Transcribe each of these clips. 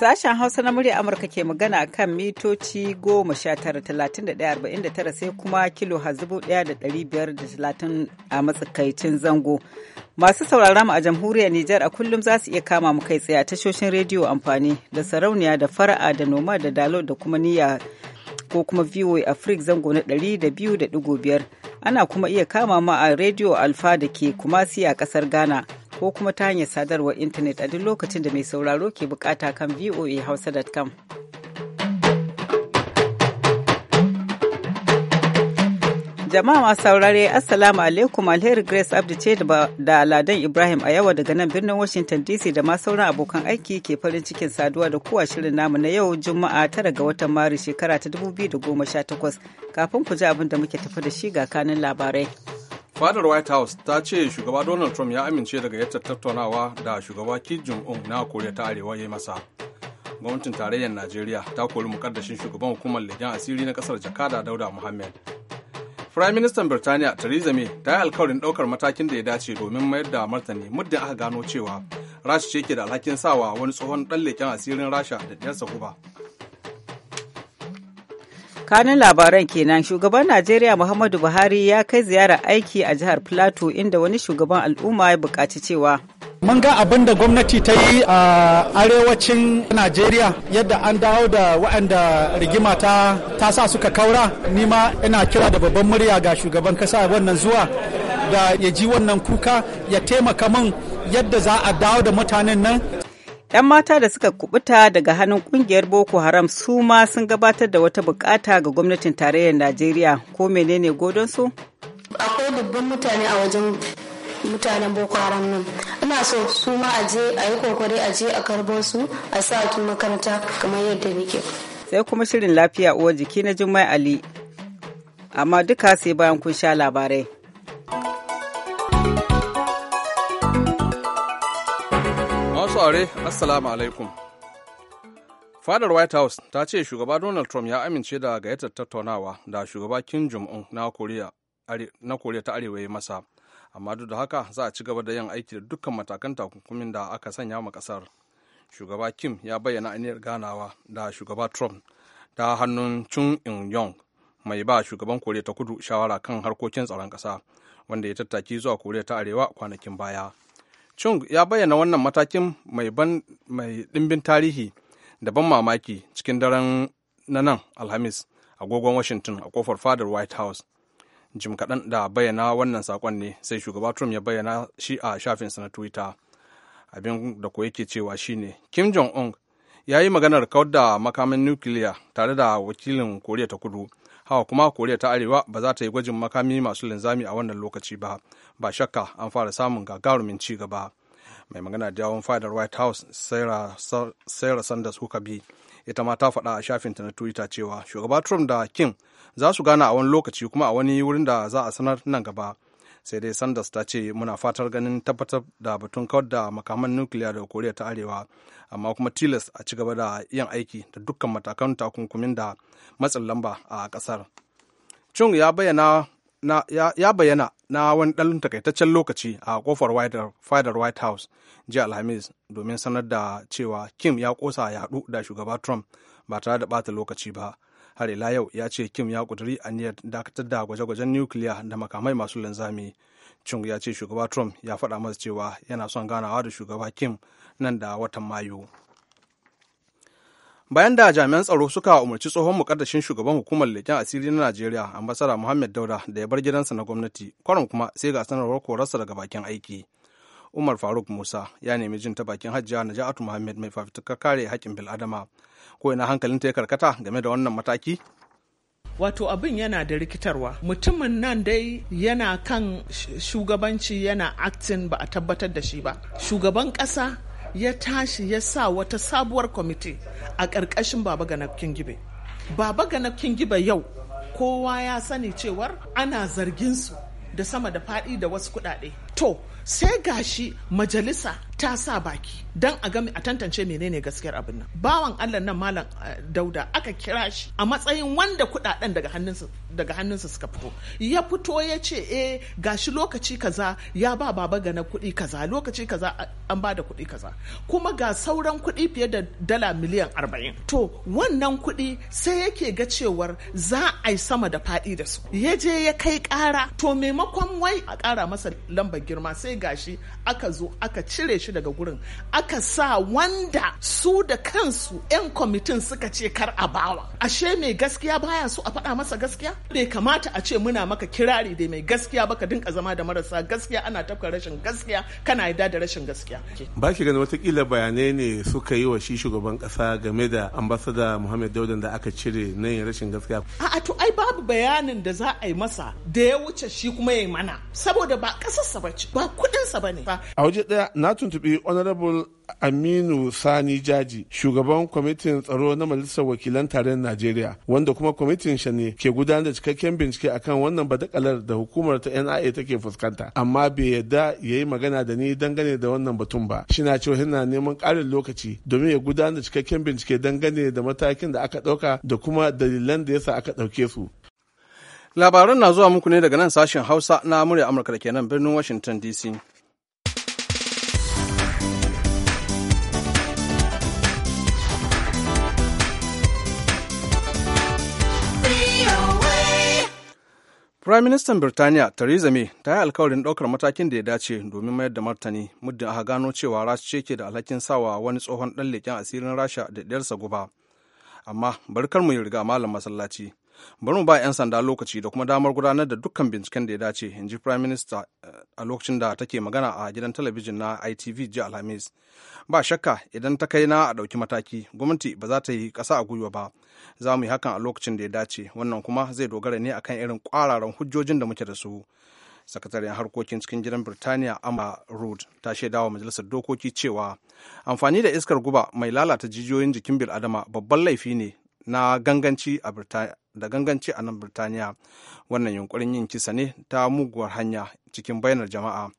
Sashen Hausa na murya Amurka ke magana kan mitoci goma sha tara talatin da ɗaya arba'in da tara sai kuma kilo hazubu ɗaya da ɗari biyar da talatin a matsakaicin zango. Masu sauraron mu a jamhuriyar Nijar a kullum za su iya kama mu kai tsaye a tashoshin rediyo amfani da sarauniya da fara'a da noma da dalo da kuma niyya ko kuma VOA Africa zango na ɗari da biyu da ɗigo biyar. Ana kuma iya kama mu a rediyo Alfa da ke Kumasi a ƙasar Ghana. ko kuma ta hanyar sadarwar intanet a duk lokacin da mai sauraro ke bukata kan voahausa.com. jama'a masu saurare assalamu alaikum alheri grace abdi ce da aladan ibrahim a yawa daga nan birnin washington dc da ma sauran abokan aiki ke farin cikin saduwa da kowa shirin namu na yau juma'a tara ga watan maris shekara ta 2018 kafin ku ji abin da muke tafi da shi ga kanin labarai fadar white house ta ce shugaba donald trump ya amince daga yadda tattaunawa da shugaba kim jong-un na koriya ta arewa ya yi masa gwamnatin tarayyar najeriya ta kori mukaddashin shugaban hukumar legen asiri na kasar jakada dauda muhammad firayim ministan birtaniya theresa may ta yi alkawarin daukar matakin da ya dace domin mayar da martani muddin aka gano cewa rasha ce ke da alhakin sawa wani tsohon dan leken asirin rasha da diyarsa guba tsakanin labaran kenan shugaban najeriya muhammadu buhari ya kai ziyara aiki a jihar plateau inda wani shugaban al'umma ya buƙaci cewa mun ga abin da gwamnati ta yi a arewacin najeriya yadda an dawo da waɗanda rigima ta sa suka kaura nima ina kira da babban murya ga shugaban kasa wannan zuwa da ya ji wannan kuka ya taimaka mun yadda za a dawo da mutanen nan 'Yan mata da suka kubuta daga hannun kungiyar Boko Haram su ma sun gabatar da wata bukata ga gwamnatin tarayyar Najeriya ko menene godon su? Akwai dubban mutane a wajen mutanen Boko Haram nan. Ina so su ma a je a yi kokari a je a karbo su a sa tun makaranta kamar yadda nake. Sai kuma shirin lafiya uwar jiki na Jummai Ali. Amma duka sai bayan kun sha labarai. saurare assalamu alaikum fadar white house ta ce shugaba donald trump ya amince da gayyatar tattaunawa da shugaba kim jong-un na koriya ta arewa ya masa amma duk da haka za a ci gaba da yin aiki da dukkan matakan takunkumin da aka sanya ma kasar shugaba kim ya bayyana aniyar ganawa da shugaba trump ta hannun chun in yong mai ba shugaban koriya ta kudu shawara kan harkokin tsaron kasa wanda ya tattaki zuwa koriya ta arewa kwanakin baya chung ya bayyana wannan matakin mai ɗimbin tarihi da ban mamaki cikin daren na nan alhamis agogon washington a kofar fadar white house jim kaɗan da bayyana wannan saƙon ne sai shugaba trump ya bayyana shi a shafinsa na twitter abin da ko yake cewa shine kim jong un ya yi maganar kawar da makamin nukiliya tare da wakilin koriya ta kudu hawa kuma koriya ta arewa ba za ta yi gwajin makami masu linzami a wannan lokaci ba ba shakka an fara samun gagarumin ci gaba mai magana da yawon fadar white house sarah sanders bi ita ma ta faɗa a shafinta na twitter cewa shugaba trump da kim za su gana a wani lokaci kuma a wani wurin da za a sanar nan gaba sai dai sanders ta ce muna fatar ganin tabbatar da batun kawar da makaman nukiliya da koriya ta arewa amma kuma tilas a ci gaba da yin aiki da dukkan matakan takunkumin da matsin lamba a kasar chung ya bayyana na, wani ɗan takaitaccen lokaci a kofar fadar white house jiya alhamis domin sanar da cewa kim ya kosa ya haɗu da shugaba trump ba tare da bata lokaci ba har ila yau ya ce kim ya kuduri aniyar dakatar da gwaje-gwajen nukiliya da makamai masu linzami chung ya ce shugaba trump ya faɗa masa cewa yana son ganawa da shugaba kim nan da watan mayu bayan da jami'an tsaro suka umarci tsohon mukaddashin shugaban hukumar leken asiri na najeriya ambasada muhammad dauda da ya bar gidansa na gwamnati kwarin kuma sai ga sanarwar korarsa daga bakin aiki umar faruk musa ya nemi jin ta bakin hajjiya Ja'atu muhammad mai fafutukar kare haƙƙin bil'adama ko ina hankalin ta ya karkata game da wannan mataki wato abin yana da rikitarwa mutumin nan dai yana kan shugabanci yana acting ba a tabbatar da shi ba shugaban ƙasa ya tashi ya sa wata sabuwar kwamiti a ƙarƙashin baba Nafkin gibe baba Ga Nafkin gibe yau kowa ya sani cewar ana zargin su da sama da faɗi da wasu kuɗaɗe to sai gashi majalisa ta sa baki don a gami a tantance menene gaskiyar abin nan bawan allah nan malam eh, dauda aka kira shi a matsayin wanda kudaden daga hannunsa suka fito ya fito ya ce eh gashi lokaci kaza ya ba baba gana kudi kaza lokaci kaza an ba da kuɗi kaza kuma ga sauran kudi fiye da dala miliyan arba'in to wannan kudi sai yake ga cewar za a yi sama da fadi da su ya je ya kai kara to maimakon wai a kara masa lambar girma sai gashi aka zo aka cire shi shi daga gurin aka sa wanda su da kansu 'yan kwamitin suka ce kar a bawa ashe mai gaskiya baya so a faɗa masa gaskiya bai kamata a ce muna maka kirari da mai gaskiya baka dinka zama da marasa gaskiya ana tafka rashin gaskiya kana yadda da rashin gaskiya ba shi gani watakila bayanai ne suka yi wa shi shugaban kasa game da ambasada muhammad Dauda da aka cire na yin rashin gaskiya a'a to ai babu bayanin da za a yi masa da ya wuce shi kuma ya yi mana saboda ba kasarsa ba ce ba kudinsa ba ne a waje daya na tuntubi tuntuɓi Honorable Aminu Sani Jaji, shugaban kwamitin tsaro na Majalisar Wakilan Tarayyar Najeriya, wanda kuma kwamitin shi ne ke gudanar da cikakken bincike akan wannan badakalar da hukumar ta NIA take fuskanta. Amma bai yarda ya yi magana da ni dangane da wannan batun ba. shi na cewa yana neman ƙarin lokaci domin ya gudanar da cikakken bincike dangane da matakin da aka ɗauka da kuma dalilan da yasa aka ɗauke su. Labaran na zuwa muku ne daga nan sashen Hausa na murya Amurka da ke nan birnin Washington DC. Firaministan Birtaniya Theresa May ta yi alkawarin ɗaukar matakin da ya dace domin mayar da martani muddin aka gano cewa Rasha ce ke da alhakin sawa wani tsohon ɗan leƙen asirin Rasha da ɗiyarsa guba. Amma barkar mu riga malam masallaci. bari mu ba 'yan sanda lokaci da kuma damar gudanar da dukkan binciken da ya dace in ji prime minister eh, a lokacin da take magana a gidan talabijin na itv ji alhamis ba shakka idan ta kai na a ɗauki mataki gwamnati ba za ta yi ƙasa a gwiwa ba za mu yi hakan a lokacin da ya dace wannan kuma zai dogara ne akan irin ƙwararan hujjojin da muke da su sakataren harkokin cikin gidan birtaniya amma road ta shaidawa majalisar dokoki cewa amfani da iskar guba mai lalata jijiyoyin jikin adama babban laifi ne na ganganci a da ganganci a nan birtaniya wannan yunkurin yin kisa ne ta muguwar hanya cikin bayanar jama'a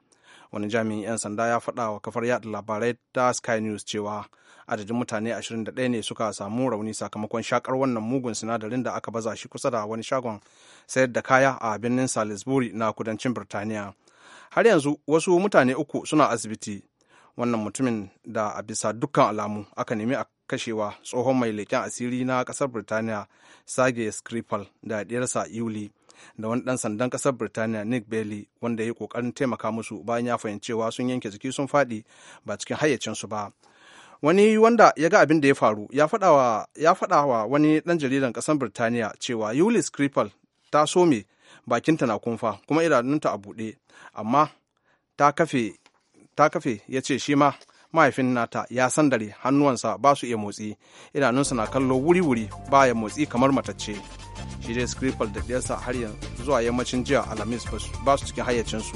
wani jami'in 'yan sanda ya faɗa wa kafar yada labarai ta sky news cewa adadin mutane 21 ne suka samu rauni sakamakon shakar wannan mugun sinadarin da aka baza shi kusa da wani shagon sayar da kaya a birnin salisbury na kudancin birtaniya har yanzu wasu mutane uku suna asibiti wannan mutumin da a bisa dukkan alamu aka nemi a kashewa tsohon mai leƙen asiri na ƙasar Birtaniya sage Skripal da ɗiyarsa Yuli da wani ɗan sandan ƙasar Birtaniya Nick Bailey wanda ya yi ƙoƙarin taimaka musu bayan ya fahimcewa sun yanke jiki sun faɗi ba cikin hayyacinsu ba. Wani wanda ya ga abin da ya faru ya faɗa wa wani ɗan jaridan ƙasar Birtaniya cewa Yuli Skripal ta some bakinta na kumfa kuma idanunta a buɗe amma ta kafe ya ce shi ma mahaifin nata ya san sandare hannuwansa ba su iya motsi idanunsa na kallo wuri-wuri ya motsi kamar matacce shi dai skripal da ɗiyarsa har yanzu zuwa yammacin jiya alhamis ba su cikin hayyacinsu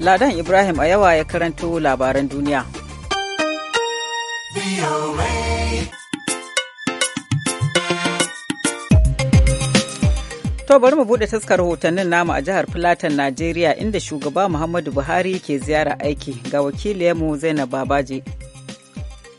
ladan ibrahim a yawa ya karanto labaran duniya To bari mu buɗe taskar rahotannin namu a jihar Filatan Najeriya inda shugaba Muhammadu Buhari ke ziyara aiki ga wakili wakiliyarmu Zainab Babaji.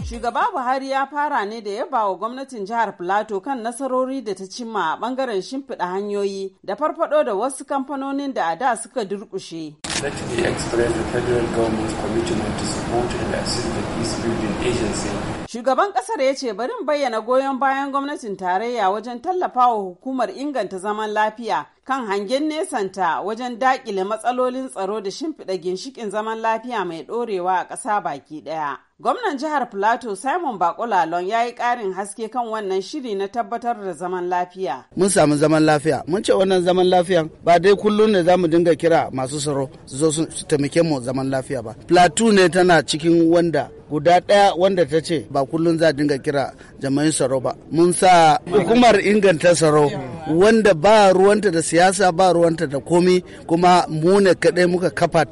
Shugaba Buhari ya fara ne da yaba wa gwamnatin jihar Filato kan nasarori da ta cimma a bangaren shimfiɗa hanyoyi da farfaɗo da wasu kamfanonin da a da suka durƙushe. Let me express the federal government's commitment to support and assist the peace building agency Shugaban kasar ya ce barin bayyana goyon bayan gwamnatin tarayya wajen tallafawa hukumar inganta zaman lafiya kan hangen nesanta wajen dakile matsalolin tsaro da shimfiɗa ginshikin zaman lafiya mai ɗorewa a ƙasa baki ɗaya. Gwamnan jihar Plateau Simon Bakulalon ya yi ƙarin haske kan wannan shiri na tabbatar da zaman lafiya. Mun samu zaman lafiya, mun ce wannan zaman lafiya ba dai kullum ne za mu dinga kira masu tsaro su zo su taimake mu zaman lafiya ba. Plateau ne tana cikin wanda guda ɗaya wanda ta ce ba kullum za dinga kira jama'in tsaro ba mun sa hukumar inganta tsaro wanda ba ruwanta da siyasa ba ruwanta da komi kuma mu ne kaɗai muka kafa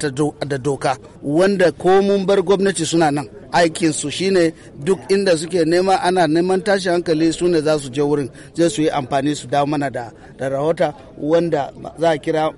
da doka wanda ko mun bar gwamnati suna nan aikin su shine duk inda suke nema ana neman tashi hankali su ne za su je wurin zai su yi amfani su dawo mana da rahota wanda za a kira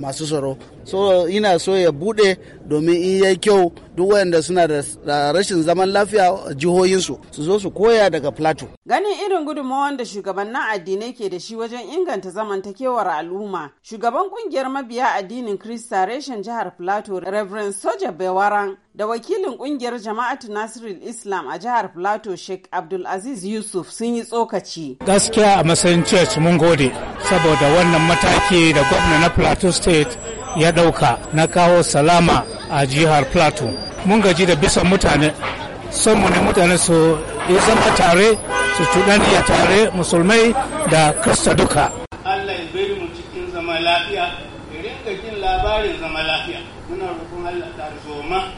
masu tsaro so ina so ya bude domin in yi kyau duk wanda suna da rashin zaman lafiya jihohin su su zo su koya daga plateau ganin irin gudunmawar da shugabannin addinai ke da shi wajen inganta zamantakewar al'umma shugaban kungiyar mabiya addinin krista reshen jihar plateau reverend Soja Bewaran da wakilin kungiyar jama'atu Nasiru Islam a jihar Plateau Sheikh Abdulaziz Yusuf sun yi tsokaci. Gaskiya a matsayin church mun gode saboda wannan mataki da gwamna na Plateau State ya ɗauka na kawo salama a jihar Plateau. Mun gaji da bisa mutane, son mu ne mutane su yi zama tare, su a tare musulmai da Kirista duka. Allah ya bari mu cikin zama lafiya, ya ringa jin labarin zama lafiya. muna roƙon Allah ta zoma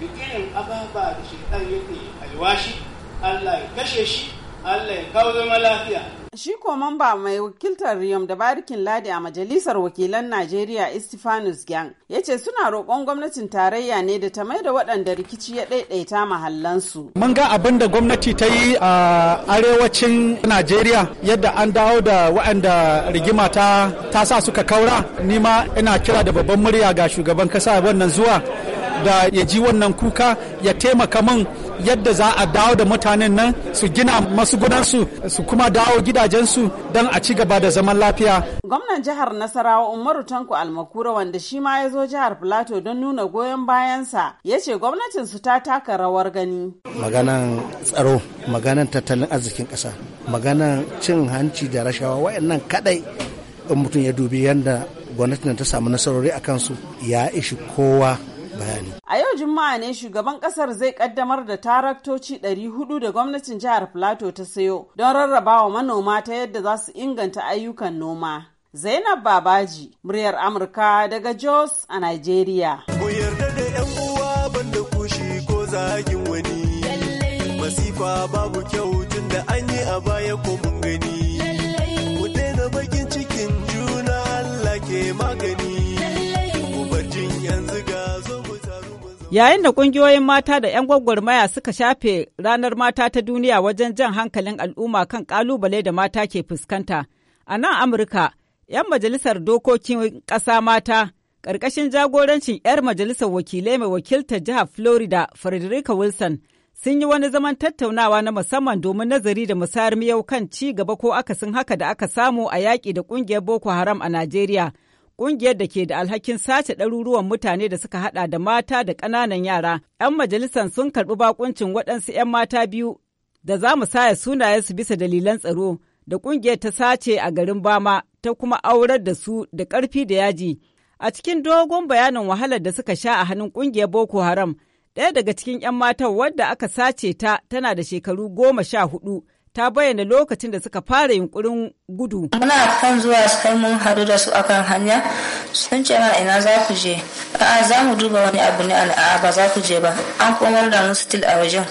da irin ababa da shaitan yake alwashi Allah ya kashe shi Allah ya kawo zama lafiya Shi ko mamba mai wakiltar Riyom da Barikin Ladi a Majalisar Wakilan Najeriya Istifanus Gang ya ce suna roƙon gwamnatin tarayya ne da ta mai da waɗanda rikici ya ɗaiɗaita mahallansu. Mun ga abin da gwamnati ta yi a arewacin Najeriya yadda an dawo da waɗanda rigima ta ta sa suka kaura. Ni ma ina kira da babban murya ga shugaban kasa wannan zuwa da ya ji wannan kuka ya taimaka min yadda za a dawo da mutanen nan su gina masu gudansu su kuma dawo gidajensu don a ci gaba da zaman lafiya. Gwamnan jihar Nasarawa Umaru Tanko Almakura wanda shi ma ya zo jihar Filato don nuna goyon bayansa ya ce gwamnatinsu ta taka rawar gani. Maganan tsaro, maganan tattalin arzikin ƙasa, maganan cin hanci da rashawa wayannan kadai in mutum ya dubi yadda gwamnatin ta samu nasarori a kansu ya ishi kowa bayani. A yau Juma'a ne shugaban kasar zai kaddamar da taraktoci 400 da gwamnatin jihar Plateau ta sayo don rarraba wa manoma ta yadda za su inganta ayyukan noma. Zainab Babaji, muryar Amurka daga Jos a Nigeria. Ku yarda da 'yan uwa banda kushi ko zagin wani. Masifa babu kyau tun da an yi a baya kuma Yayin da ƙungiyoyin mata da 'yan gwagwarmaya suka shafe ranar mata ta duniya wajen jan hankalin al'umma kan ƙalubale da mata ke fuskanta. A nan Amurka, 'yan majalisar dokokin ƙasa mata ƙarƙashin jagorancin 'yar majalisar wakilai mai wakiltar jihar Florida, Frederica Wilson, sun yi wani zaman tattaunawa na musamman domin nazari da musayar miyau kan ci gaba ko akasin haka da aka samu a yaki da ƙungiyar Boko Haram a Najeriya. ƙungiyar da ke da alhakin sace ɗaruruwan mutane da suka haɗa da mata da ƙananan yara. 'Yan majalisar sun karɓi bakuncin waɗansu 'yan mata biyu da za mu saya sunayensu bisa dalilan tsaro da ƙungiyar ta sace a garin Bama ta kuma aurar da su da ƙarfi da yaji. A cikin dogon bayanin wahalar da suka sha a hannun ƙungiyar Boko Haram, ɗaya daga cikin 'yan matan wadda aka sace ta tana da shekaru goma sha hudu. ta bayyana lokacin da suka fara yunkurin gudu. Muna kan zuwa sai mun haɗu da su akan hanya sun ce mana ina za ku je. A'a za mu duba wani abu ne a'a ba za ku je ba. An komar da mu a wajen.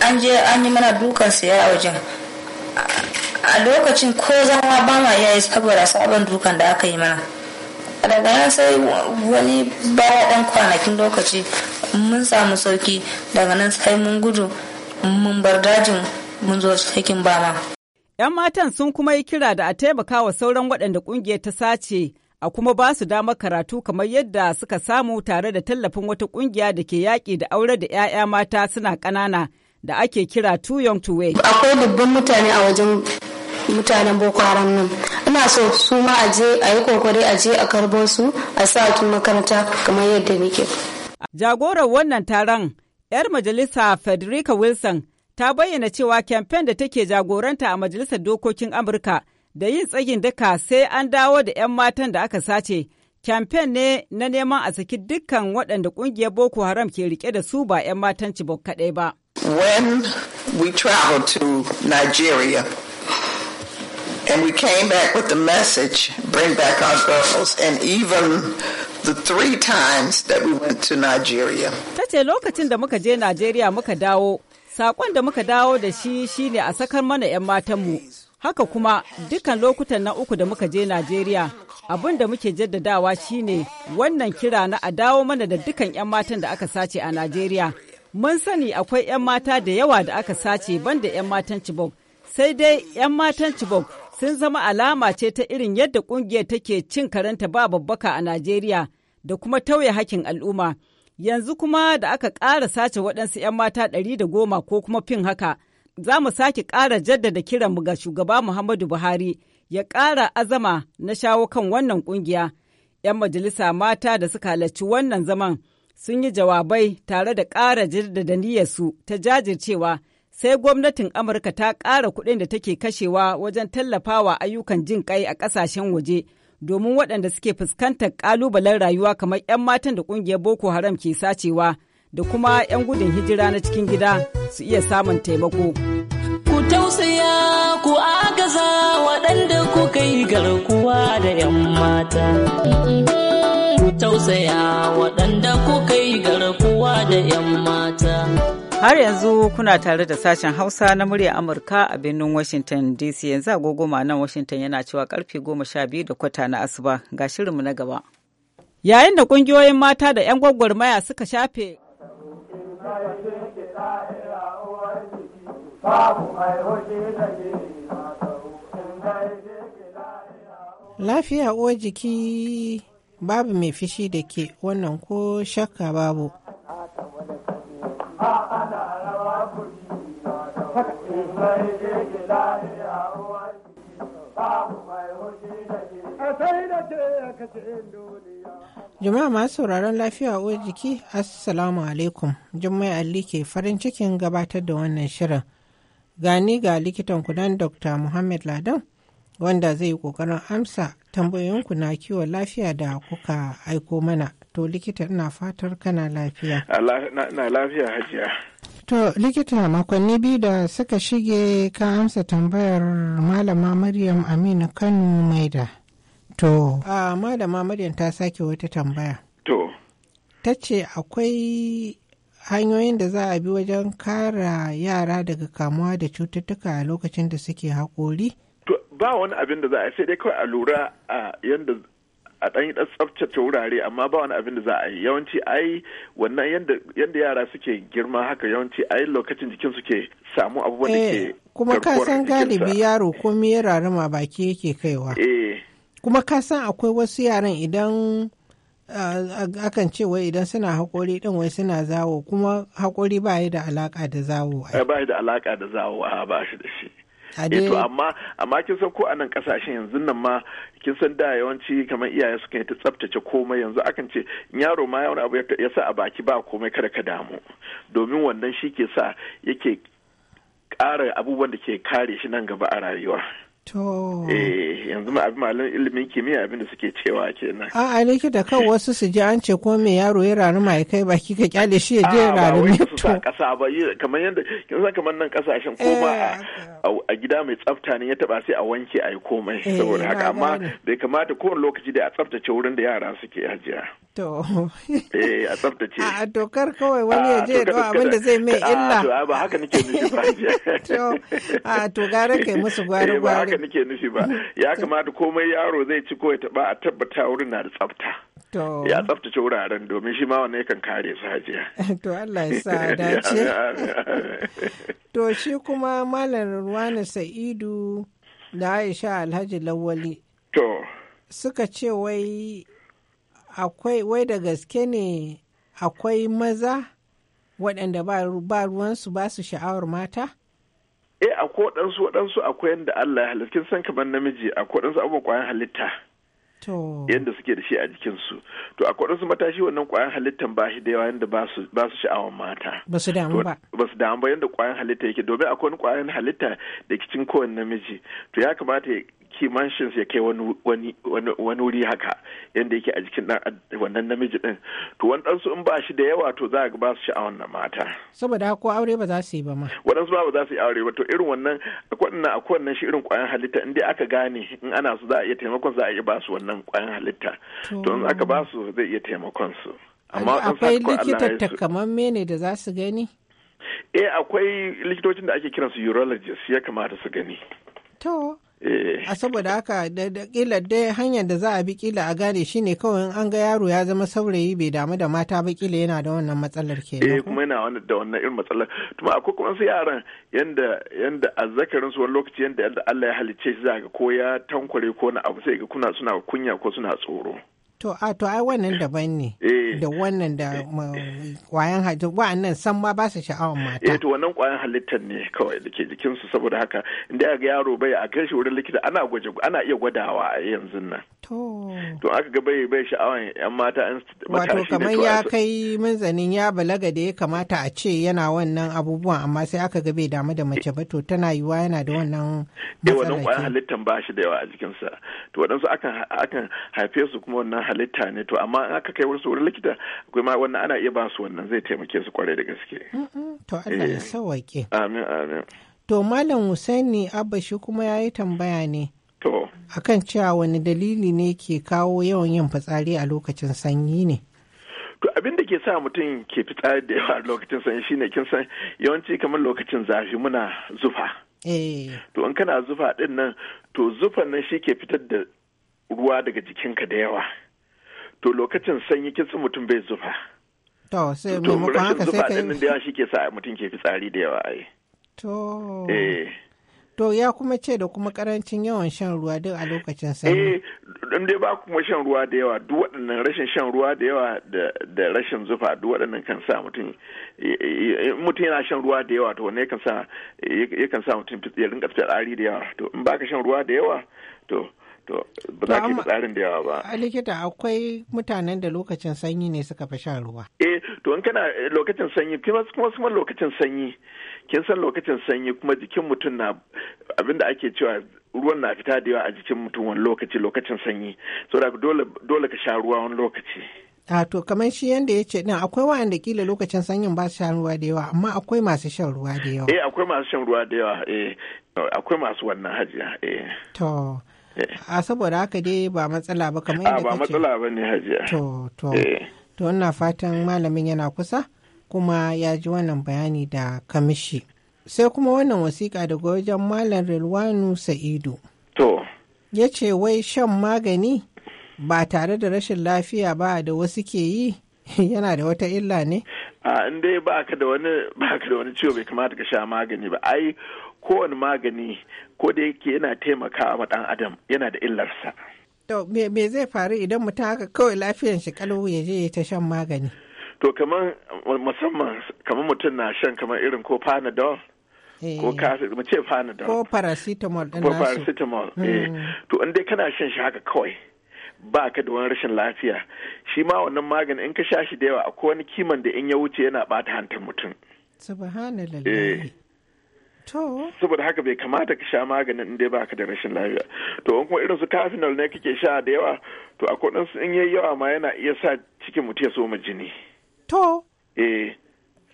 An je an yi mana dukan siya a wajen. A lokacin ko zama ba ma iya yi saboda sabon dukan da aka yi mana. daga nan sai wani baya ɗan kwanakin lokaci mun samu sauki daga nan sai mun gudu mun bar dajin mun zo 'Yan matan sun kuma yi kira da a taimaka wa sauran waɗanda ƙungiyar ta sace a kuma ba su damar karatu kamar yadda suka samu tare da tallafin wata ƙungiya da ke yaƙi da aure da 'ya'ya mata suna ƙanana da ake kira too young to wait. Akwai dubban mutane a wajen mutanen boko haram nan ina so su ma a je a yi kokari a je a karbo su a sa tun makaranta kamar yadda nake jagorar wannan taron yar majalisa federica wilson ta bayyana cewa kamfen da take jagoranta a Majalisar Dokokin Amurka da yin tsagin daka sai an dawo da 'yan matan da aka sace. kamfen ne na neman a saki dukkan waɗanda ƙungiyar Boko Haram ke rike da su ba 'yan matan Chibok kaɗai ba. When we traveled to Nigeria, And we came back with the message, bring back our girls. And even the three times that Ta ce lokacin da muka je Najeriya muka dawo, Sakon da muka dawo da shi shine a sakar mana 'yan matanmu. Haka kuma dukkan lokutan na uku da muka je Najeriya abin da muke jaddadawa shine wannan kira na a dawo mana da dukkan 'yan matan da aka sace a Najeriya. Mun sani akwai 'yan mata da yawa da aka sace banda 'yan matan Chibok. Sai dai 'yan matan Chibok sun zama alama ce ta irin yadda kungiyar take cin karanta ba babbaka a Najeriya da kuma tauye hakkin al'umma. yanzu kuma da aka ƙara sace waɗansu 'yan mata ɗari da goma ko kuma fin haka za mu sake ƙara jaddada kiranmu ga shugaba muhammadu buhari ya ƙara azama na shawo kan wannan ƙungiya 'yan majalisa mata da suka halarci wannan zaman sun yi jawabai tare da ƙara jaddada niyyarsu ta jajircewa sai gwamnatin amurka ta ƙara kuɗin da take kashewa wajen tallafawa ayyukan jin ƙai a ƙasashen waje. domin waɗanda suke fuskantar ƙalubalen rayuwa kamar 'yan matan da ƙungiyar Boko Haram ke sacewa da kuma 'yan gudun hijira na cikin gida su iya samun taimako. Ku tausaya ku agaza waɗanda kukai kai garkuwa da 'yan mata. Ku tausaya waɗanda kukai kai garkuwa da 'yan mata. Har yanzu kuna tare da sashen Hausa na murya Amurka a birnin Washington DC yanzu agogoma nan Washington yana cewa karfe goma sha biyu da kwata na asuba ga shirinmu na gaba. Yayin da kungiyoyin mata da 'yan gwagwarmaya suka shafe. Lafiya uwar jiki babu mai fishi da ke wannan ko shakka babu. Jama'a masu sauraron lafiya uwar jiki, Assalamu alaikum. Jummai Ali ke farin cikin gabatar da wannan shirin. Gani ga likitan kudan Dr. Muhammad Ladan, wanda zai yi kokarin amsa tambayoyinku na kiwon lafiya da kuka aiko mana. To likita ina fatar kana lafiya. Na lafiya hajiya. To likita makonni biyu da suka shige ka amsa tambayar malama Maryam Aminu Kano Maida. To, a malama Maryam ta sake wata tambaya. To. Ta ce akwai hanyoyin da za a bi wajen kara yara daga kamuwa da cututtuka a lokacin da suke haƙori? ba wani abin da za a sai dai kawai a lura a yadda a ɗan yi tsaftace wurare amma ba wani abin da za a yi yawanci ai wannan yadda yara suke girma haka yawanci ai lokacin jikin suke samu abubuwan da ke eh, kuma ka san galibi yaro ko me rarama baki yake kaiwa eh. kuma ka san akwai wasu yaran idan akan ce wai idan suna haƙori ɗin wai suna zawo kuma haƙori ba da alaƙa da zawo eh, ba da alaƙa da zawo ba shi da shi eh to amma amma kin san ko anan kasashen yanzu nan ma kin san da yawanci kamar iyaye suka yi ta tsaftace komai yanzu akan ce yaro ma ya wani abu ya sa a baki ba komai kada ka damu domin wannan shi ke sa yake ƙara abubuwan da ke kare shi nan gaba a rayuwa Eh yanzu ma abin malam ilimin kimiyya abin da suke cewa kenan. A a da kan wasu su ji an ce ko me yaro ya rari mai kai baki ka kyale shi ya je ya rari mai to. Ba kasa ba kamar yadda yanzu kamar nan kasashen ko ba eh, a gida mai tsafta ne ya taba sai a wanke a yi komai eh, saboda haka amma bai kamata ko lokaci da a tsaftace wurin da yara suke hajiya. To. Eh a tsaftace. A tokar kawai wani ya je da dawo abin da zai mai illa. A to ba haka nake nufi ba. To a to gara kai musu eh, gwari gwari. nake nufi ba ya kamata komai yaro zai ci ko ya taba a tabbata wurin na da tsafta ya tsaftace wuraren domin shi ma wani yakan kare su hajiya to Allah ya sa dace to shi kuma malam Ruwana Sa'idu da Aisha Alhaji Lawali to suka ce wai akwai wai da gaske ne akwai maza waɗanda ba ruwansu ba su sha'awar mata? eh akwai waɗansu waɗansu akwai yadda Allah ya halitta san kamar namiji a ko waɗansu abubuwan ƙwayan halitta yadda suke da shi a jikinsu to a ko waɗansu matashi wannan ƙwayan halittan ba shi da yawa yadda ba su sha'awar mata ba su damu ba ba su damu ba yadda ƙwayan halitta yake domin akwai wani ƙwayan halitta da kicin cikin kowane namiji to ya kamata kimanshin ya kai wani wuri haka yadda yake a jikin wannan namiji din to waɗansu in ba shi da yawa to za a ba su a wannan mata saboda haka aure ba za su yi ba ma waɗansu ba za su yi aure ba to irin wannan akwai wannan shi irin ƙwayan halitta in dai aka gane in ana su za a iya taimakon za a iya ba su wannan ƙwayan halitta to in aka ba su zai iya taimakon su amma akwai likitan takamamme ne da za su gani eh akwai likitocin da ake kiransu urologists ya kamata su gani to Eh. a saboda haka da kila dai hanyar da za a bi kila a gane shi ne kawai an ga yaro ya zama saurayi bai damu da mata ba kila yana da wannan matsalar ke eh kuma yana wannan da wannan irin matsalar tuma akwai kuma su yaran yanda yanda azzakarin su wani lokaci yanda Allah ya halicce shi za ga ko ya tankware ko na abu sai ga kuna suna kunya ko suna tsoro To a to ai wannan daban ne eh. da wannan da eh. kwayan halitta nan san ma ba su sha'awar mata. Eh to wannan kwayan halittar ne kawai da ke jikinsu saboda haka inda ga yaro bai a kai shi wurin likita ana gwaje ana iya gwadawa a yanzu nan. To. To aka ga bai bai sha'awar yan mata an Wato kamar ya kai munzanin ya balaga da ya kamata a ce yana wannan abubuwan amma sai aka ga bai damu da mace ba to tana yiwa yana da wannan. Eh wannan kwayan halittar ba shi da yawa a jikinsa. To waɗansu akan akan haife su kuma wannan halitta ne to amma in aka kai wasu wurin likita akwai ma wannan ana iya ba su wannan zai taimake su kwarai da gaske to Allah ya eh. sauwaƙe amin amin to malam Husaini Abba shi kuma yi tambaya ne to akan cewa wani dalili ne ke kawo yawan yin fitsari a lokacin sanyi ne to abin da ke sa mutum ke fitsari da yawa a lokacin sanyi shine kin san yawanci kamar lokacin zafi muna zufa eh. to in kana zufa din nan to zufan nan shi ke fitar da ruwa daga jikinka da yawa to lokacin sanyi kitsi mutum bai zufa to sai mu maimakon haka sai kai. yi da shi ke sa mutum ke fitsari da yawa ai to eh to ya kuma ce da kuma karancin yawan shan ruwa duk a lokacin sanyi eh don dai ba kuma shan ruwa da yawa duk waɗannan rashin shan ruwa da yawa da rashin zufa duk waɗannan kan sa mutum eh, eh, mutum yana shan ruwa da yawa to wannan yakan sa yakan sa mutum ya rinka fitsari da yawa to in baka shan ruwa da yawa to to ba za ki tsarin da yawa ba a likita akwai mutanen da lokacin sanyi ne suka fi shan ruwa eh to in kana eh, lokacin sanyi kuma kuma lokacin sanyi kin san lokacin sanyi kuma jikin mutum na abinda ake cewa ruwan na fita da yawa a jikin mutum wani lokaci lokacin sanyi saboda dole dole ka sha ruwa wani lokaci a to kamar shi yanda ya ce din akwai wa'anda kila lokacin sanyin ba su shan ruwa da yawa amma akwai masu shan ruwa da yawa eh akwai masu shan ruwa da yawa eh akwai masu wannan hajiya eh to a saboda haka dai ba matsala ba kamar yadda ba matsala ba ne hajiya to to eh. to ina fatan malamin yana kusa kuma ya ji wannan bayani da kamishi sai kuma wannan wasiƙa daga wajen malam rilwanu sa'idu to ya ce wai shan magani ba tare da rashin lafiya ba da wasu ke yi yana da wata illa ne? A inda ba ka da wani ciwo bai kamata ka sha magani ba ai kowane magani ko da yake yana taimakawa wa ɗan adam yana da illarsa. To me zai faru idan mutum haka kawai lafiyan shi kalau ya je ta shan magani? To kamar musamman kamar mutum na shan kamar irin ko panadol ko eh. mace ce panadol ko paracetamol din ko paracetamol hmm. eh. to in dai kana shan shi haka kawai ba ka da wani rashin lafiya shi ma wannan magani, in ka sha shi da yawa akwai wani kiman da in ya wuce yana bata hantar mutum subhanallah eh. saboda haka bai kamata ka sha maganin in dai baka da rashin lafiya to in kuma irin su kafinal ne kake sha da yawa to a kudin su in yayi yawa ma yana iya sa cikin mutum ya soma jini to eh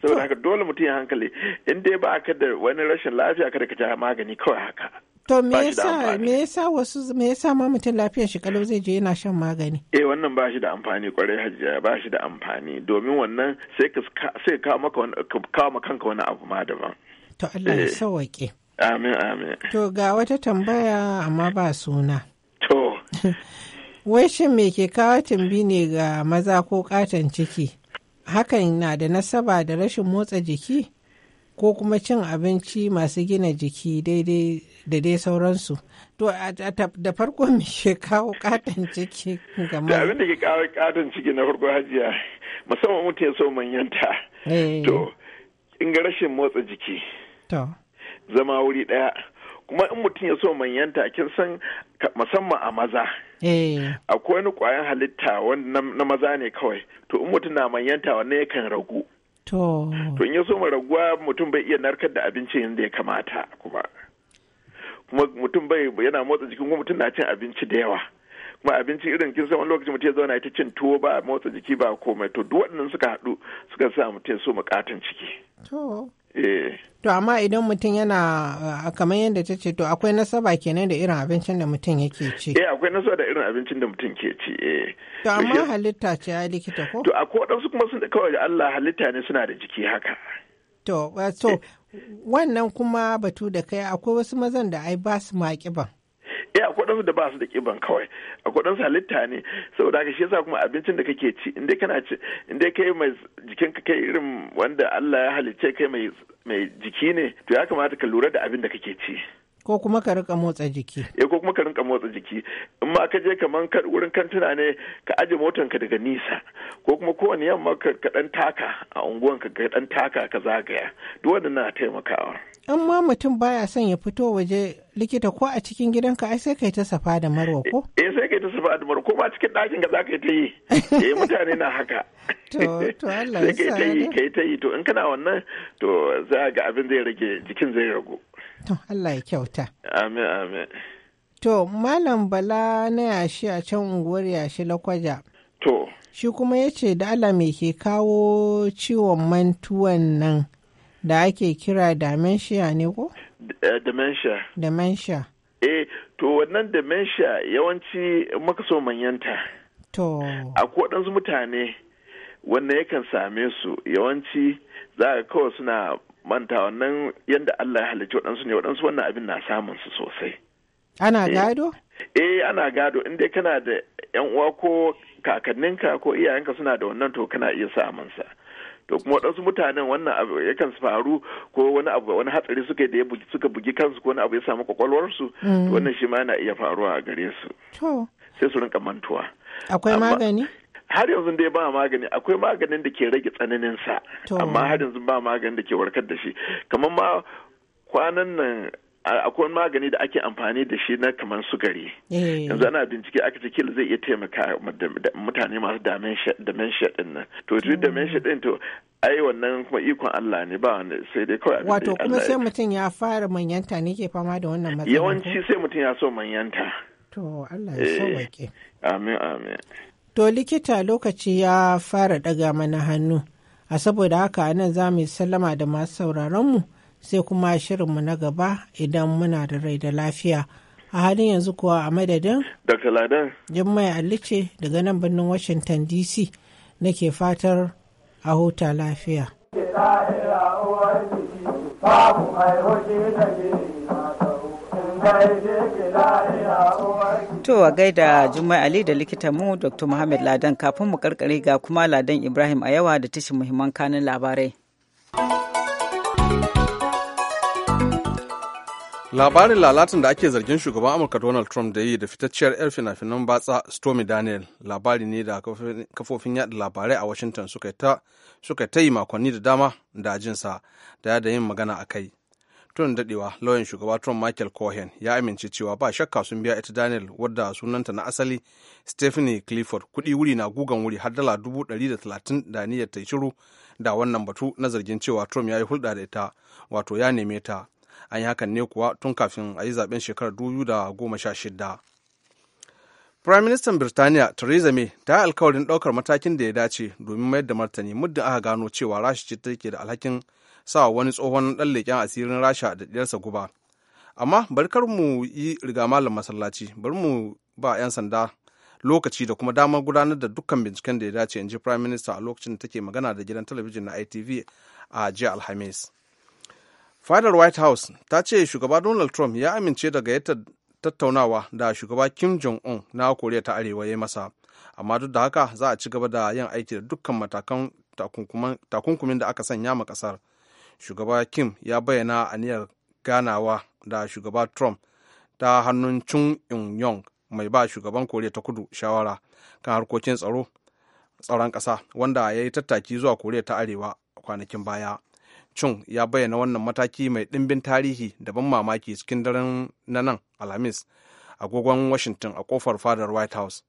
saboda haka dole mutum ya hankali in dai ba ka da wani rashin lafiya kada ka sha magani kawai haka To me yasa me yasa wasu me yasa ma mutum lafiyar shi kalau zai je yana shan magani? Eh wannan ba shi da amfani kwarai Hajiya, ba shi da amfani domin wannan sai ka sai ka maka wani ka kawo maka kanka wani abu ma daban. To Allah ya eh. sawaƙe. Amin amin. To ga wata tambaya amma ba suna. To. Wai shin me ke kawo tumbi ne ga maza ko katon ciki? Hakan na da nasaba da rashin motsa jiki? Ko kuma cin abinci masu gina jiki daidai da dai sauransu. To da farko me ke kawo katon ciki ga maza? Da abin da ke kawo katon ciki na farko hajiya musamman mutum ya so manyanta. Eh. To in ga rashin motsa jiki. zama wuri ɗaya kuma in mutum ya so manyanta kin san musamman a maza eh. akwai wani ƙwayan halitta na maza ne kawai to in mutum na manyanta wannan yakan ragu to in ya so raguwa mutum bai iya narkar da abinci yadda ya kamata kuma kuma mutum bai yana motsa jikin kuma mutum na cin abinci da yawa kuma abinci irin kin san wani lokaci mutum ya zauna ya ta cin tuwo ba motsa jiki ba komai to duk waɗannan suka haɗu suka sa mutum ya so bukatan ciki Eh. To amma idan mutum yana ah, kamar yadda ta ce to akwai nasaba kenan da irin abincin da mutum yake ci. Eh akwai nasaba da irin abincin da mutum ke ci. Eh. To eh, amma halitta ce ya likita ko? To akwai waɗansu kuma sun kawai da Allah halitta ne suna da jiki haka. To so wannan kuma batu da kai akwai wasu mazan da ai ba su maƙi ba. eh akwai ɗansu da ba su da kiban kawai akwai ɗansu halitta ne saboda haka shi yasa kuma abincin da kake ci inda kana ci inda kai mai jikin ka kai irin wanda Allah ya halicce kai mai mai jiki ne to ya kamata ka lura da abin da kake ci ko kuma ka rinka motsa jiki eh ko kuma ka rinka motsa jiki in ma ka je kaman wurin kantuna ne ka aje motan ka daga nisa ko kuma kowane yamma ka dan taka a unguwan ka dan taka ka zagaya duk wannan na taimakawa in ma mutum baya son ya fito waje likita ko a cikin gidanka ai sai kai ta safa da marwa ko eh, eh sai kai ta safa da marwa ko ma cikin ɗakin ka zaka ta yi eh mutane na haka to to Allah ya sa kai ta yi kai ta yi to in kana wannan to za ga abin zai rage jikin zai ragu to Allah ya kyauta amin amin to malam bala na yashi a can unguwar yashi lakwaja to shi kuma yace da Allah me ke kawo ciwon mantuwan nan da ake kira dementia ne ko? Eh, dementia dementia eh to wannan dementia yawanci maka so manyanta to a waɗansu mutane wanda yakan same su yawanci za ka kawai suna manta wannan yadda Allah ya halicci waɗansu ne waɗansu wannan abin na samun su sosai ana eh. gado eh ana gado in dai kana da yan uwa ko kakanninka ko iyayenka suna da wannan to kana iya samun sa to kuma waɗansu mutanen wannan abu yakan faru ko wani abu wani hatsari suka da suka bugi kansu ko wani abu ya samu kwakwalwarsu mm. wannan shi ma yana iya faruwa a gare su sai su rinka mantuwa akwai magani har yanzu dai ba magani akwai maganin da ke rage tsananin sa amma har yanzu ba maganin da ke warkar da shi kamar ma kwanan nan akwai magani da ake amfani da shi na kamar sukari eh. yanzu ana bincike aka ce kila zai iya taimaka mutane masu dementia din nan to duk hmm. dementia din to ai wannan kuma ikon Allah ne ba wani. sai dai kawai wato kuma sai mutum ya fara manyanta ne ke fama da wannan matsala yawanci sai mutum ya so manyanta to Allah ya sauke eh, amin amin to likita lokaci ya fara daga mana hannu a saboda haka anan za mu sallama da masu sauraron mu sai kuma shirinmu na gaba idan muna da rai da lafiya. A halin yanzu kuwa a madadin? Dr. Ladan. Jummai Alice daga nan birnin Washington DC nake fatar a huta lafiya. To a gaida Jummai Ali da likitanmu Dr. Muhammad Ladan kafin mu karkare ga kuma Ladan Ibrahim a yawa da tashin muhimman kanin labarai. labarin lalatin da ake zargin shugaban amurka donald trump da yi da fitacciyar 'yar fina-finan batsa stormy daniel labari ne da kafofin yada labarai a washington suka ta yi makonni da dama da jinsa da ya da yin magana a kai tun dadewa lauyan shugaba trump michael cohen ya amince cewa ba shakka sun biya ita daniel wadda sunanta na asali stephanie clifford kudi wuri na gugan wuri har dala dubu ɗari da talatin da niyyar ta shiru da wannan batu na zargin cewa trump ya yi hulɗa da ita wato ya neme ta an yi hakan ne kuwa tun kafin a yi zaben shekarar shida. Prime Minister Birtaniya Theresa May ta yi alkawarin ɗaukar matakin da ya dace domin mayar da martani muddin aka gano cewa Rasha ce take da alhakin sa wani tsohon ɗan leƙen asirin Rasha da ɗiyarsa guba. Amma bari kar mu yi riga malam masallaci, bari mu ba 'yan sanda lokaci da kuma damar gudanar da dukkan binciken da ya dace in ji Prime Minister a lokacin da take magana da gidan talabijin na ITV a jiya Alhamis. fadar white house ta ce shugaba donald trump ya amince da gayyatar tattaunawa da shugaba kim jong-un na koriya ta arewa ya masa amma duk da haka za a ci gaba da yin aiki da dukkan matakan takunkumin da aka sanya ma kasar shugaba kim ya bayyana aniyar ganawa da shugaba trump ta hannun chun in yong mai ba shugaban koriya ta kudu shawara kan harkokin tsaro tsaron ƙasa wanda ya yi tattaki zuwa koriya ta arewa kwanakin baya chung ya bayyana wannan mataki mai dimbin tarihi da ban mamaki cikin daren na nan alhamis agogon washington a kofar fadar white house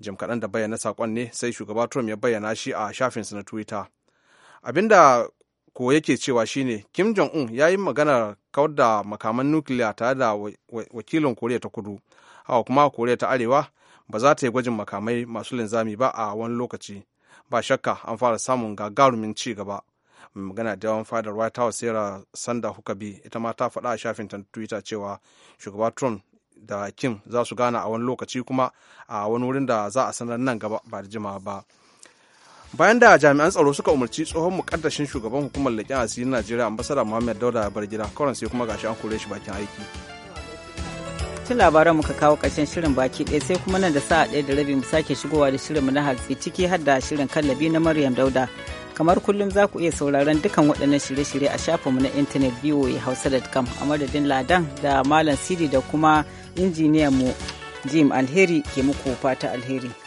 jim kaɗan da bayyana saƙon ne sai shugaba trump ya bayyana shi a shafinsa na twitter abinda ko yake cewa shine kim jong un ya yi maganar kawar da makaman nukiliya tare da wakilin koriya ta kudu hawa kuma koriya ta arewa ba za ta yi gwajin makamai masu linzami ba a wani lokaci ba shakka an fara samun gagarumin ci gaba mai magana da yawan fadar white house sarah sanda hukabi ita ma ta faɗa a shafin ta twitter cewa shugaba trump da kim za su gana a wani lokaci kuma a wani wurin da za a sanar nan gaba ba da jima ba bayan da jami'an tsaro suka umarci tsohon mukaddashin shugaban hukumar leƙen na najeriya ambasada muhammad dauda bar gida kawai sai kuma gashi an kore shi bakin aiki tun labaran muka kawo ƙarshen shirin baki ɗaya sai kuma nan da sa'a ɗaya da rabi mu sake shigowa da shirinmu na hatsi ciki har da shirin kallabi na maryam dauda kamar kullum za ku iya sauraron dukan waɗannan shirye-shirye a shafinmu na intanet voa hausa.com a madadin ladan da malam sidi da kuma injiniyanmu jim alheri ke muku fata alheri